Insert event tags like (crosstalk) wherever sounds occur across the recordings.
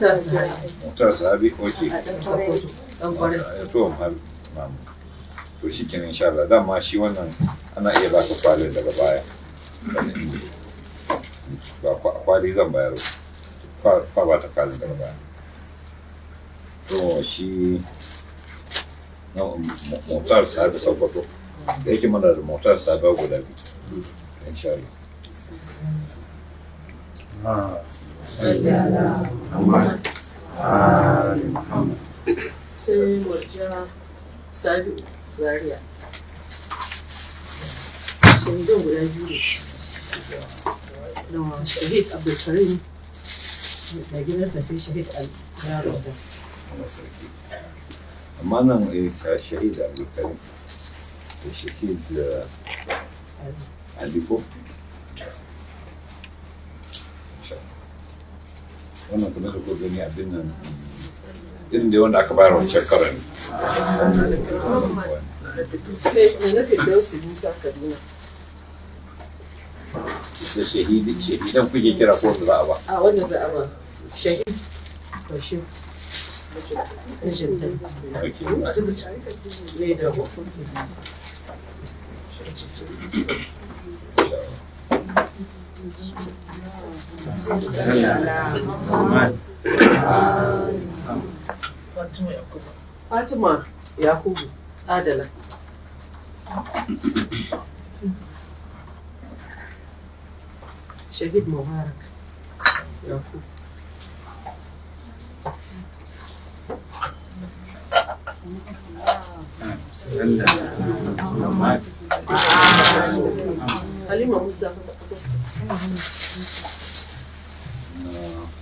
mutar sahabi mutar sahabi ok to ah, mamu to shi kenan insha Allah dama shi wannan ana iya baka kwalin daga baya ba kwali zan bayar kwa ba ta kwalin daga baya to shi motar sahabi sabbato da yake mana da motar sahabi guda biyu insha Allah ah. صل على محمد وآل محمد سي مرجع سعد زاريا شهيدون ولا يجوز شهيد عبد الكريم لكن بس شهيد يارو ده الله يسلمك أما أنا شهيد عبد الكريم الشهيد علي بوفتي wannan kuma da ko gani abin nan irin da wanda aka bayar wancan karan da shahidi shahidan kuke kira ko za a ba a ah, wanda za a ba to shi Fatima Yakubu Adala. Shahid Mubarak Yakubu. Halima Mustafa.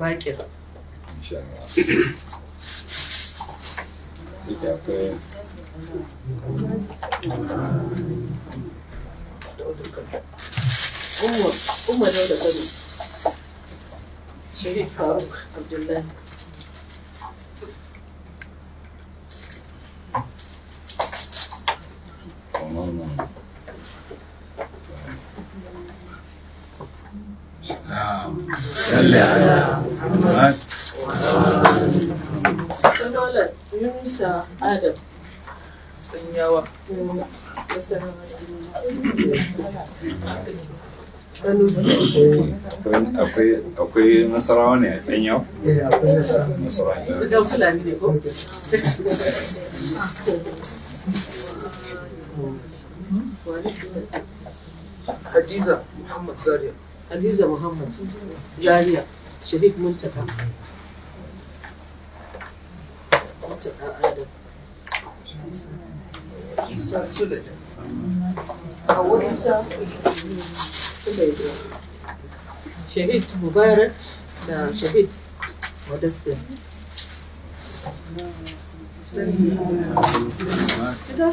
Belki. İnşallah. Peki après. Umma, Umma ne oldu kadın? Şehit Faruk Abdullah. Allah. Allah. محمد Sanalar Yunusa Adam Sanyawa akwai nasarawa ne a ɗan yau? nasarawa ne ɗan fulani ne ko? hadiza muhammad zaria hadiza muhammad zaria شريف منتقى منتقى آدم شهيد مبارك شهيد مدسم كده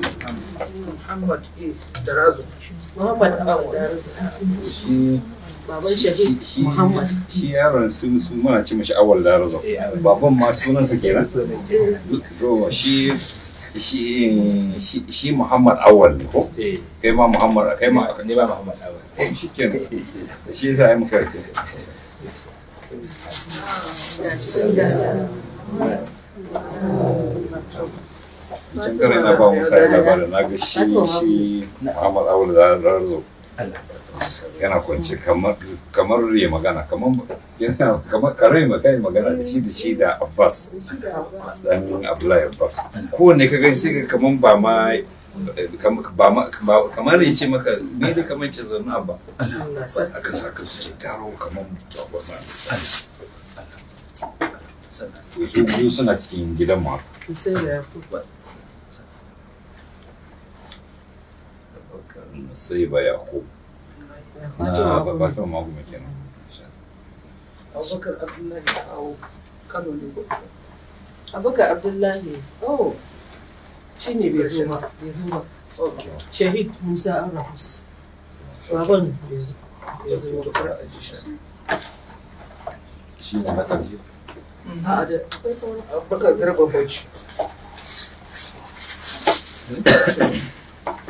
Muhammad A. Darazo. Muhammad A. Darazo. Baban Shi yaron sun mashi awal eh, Baban ma sunansa kenan. To shi shi shi Muhammad Awal ne ko? Eh. Kai ma Muhammad kai ma eh, ne ba Muhammad Awal. Oh, shi kenan. Shi yasa ai muka Thank you. can kare na ba musa ya labarin na ga shi shi muhammad awul da rarzo yana kwance kamar ya magana kamar kare magana magana da shi da shi da abbas dan abdullahi abbas kowanne ka gani sai kamar ba ma kamar ne ce maka ne da kamar ce zaune ba a kan sa kan suke taro kamar ba ma su biyu suna cikin gidan ma sai يا يعقوب فاطمه معكم كمان ابو ابوك عبد الله او كانوا لي ابوك عبد الله او شيني بيزوما بيزوما شهيد موسى الرحوس baban ya zo ba a ji shi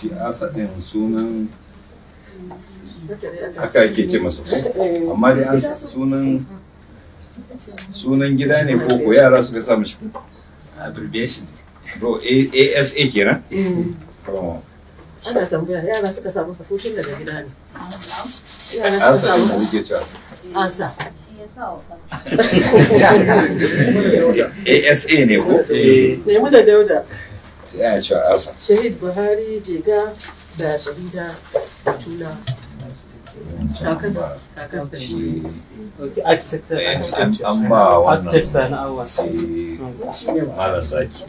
shi asa ɗin sunan haka ake ce masa ko amma dai an sunan sunan gida ne ko ko yara suka sa mishi abbreviation bro asa kenan mm. ana tambaya yara suka sa masa ko daga gida ne yara suka sa masa asa ASA (laughs) ne ko? ne mu da dauda. sai ana cewa asa shahid buhari jega da shahida tula amma wannan shi mara zaki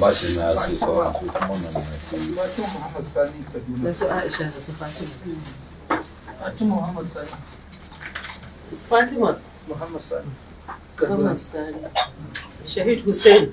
ba shi na su sauran su kuma wannan da su aisha da su fatima fatima muhammad sani fatima muhammad sani muhammad sani shahid hussein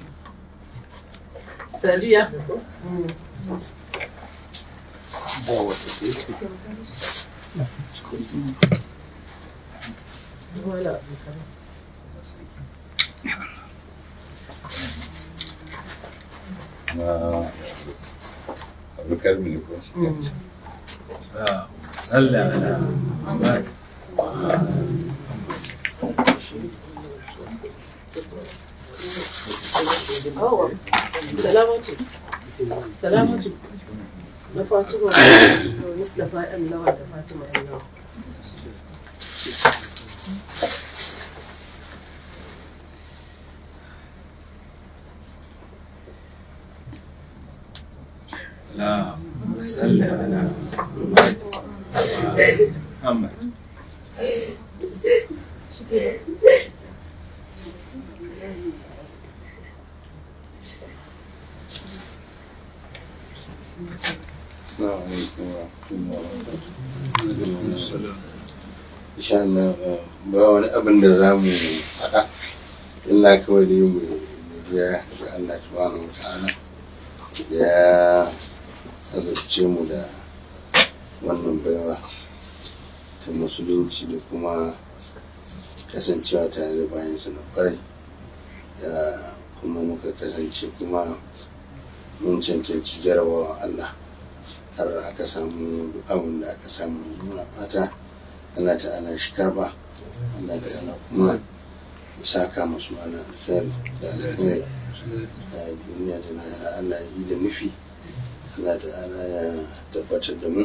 التالية فوالا بكلم لكم صلى على Salamatu. Salamatu. Na Fatima Mustapha M. Lawa da Fatima M. Lawa. اللهم صل على السلام ba wani abin da za mu faɗa illa kawai dai mu godiya ga Allah subhanahu wataala ya azabce mu da wannan baiwa ta musulunci da kuma kasancewa tare da bayansa na kwarai ya kuma muka kasance kuma mun cancanci jarabawa Allah har aka samu abin da aka samu muna fata Allah ta'ala shi karba Allah ta'ala kuma saka musu ana alheri da alheri a duniya da lahira Allah yi da nufi Allah ta'ala ya tabbatar da mu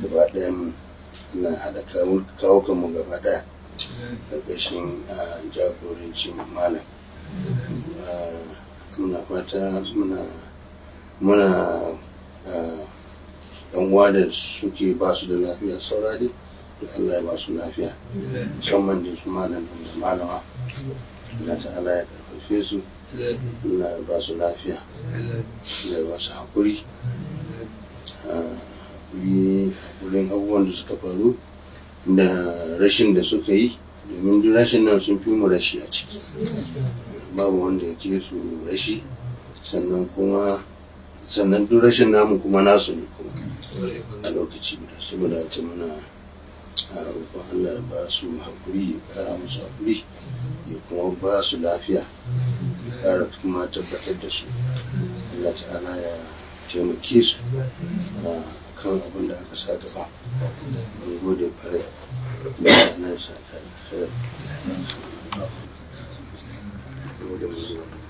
gaba ɗaya mu Allah haɗa kawo kanmu gaba ɗaya ƙarƙashin jagorancin malam muna fata muna muna yan wadan suke ba su da lafiya saurari da Allah ya ba su lafiya musamman da su malam da malama Allah ya karfafe su Allah ya ba su lafiya Allah ya ba su ah, hakuri hakurin abubuwan da suka faru da rashin da suka yi domin duk rashin nan sun fi mu rashi a ciki babu wanda ya ke su rashi sannan kuma sannan duk rashin namu kuma nasu ne kuma a lokaci guda saboda ta muna a roƙon Allah ba su haƙuri ya ƙara musu haƙuri ya kuma ba su lafiya ya ƙara kuma tabbatar da su Allah ta'ala ya taimake su a kan abin da aka sa gaba mun gode ƙwarai Allah ya sa ta da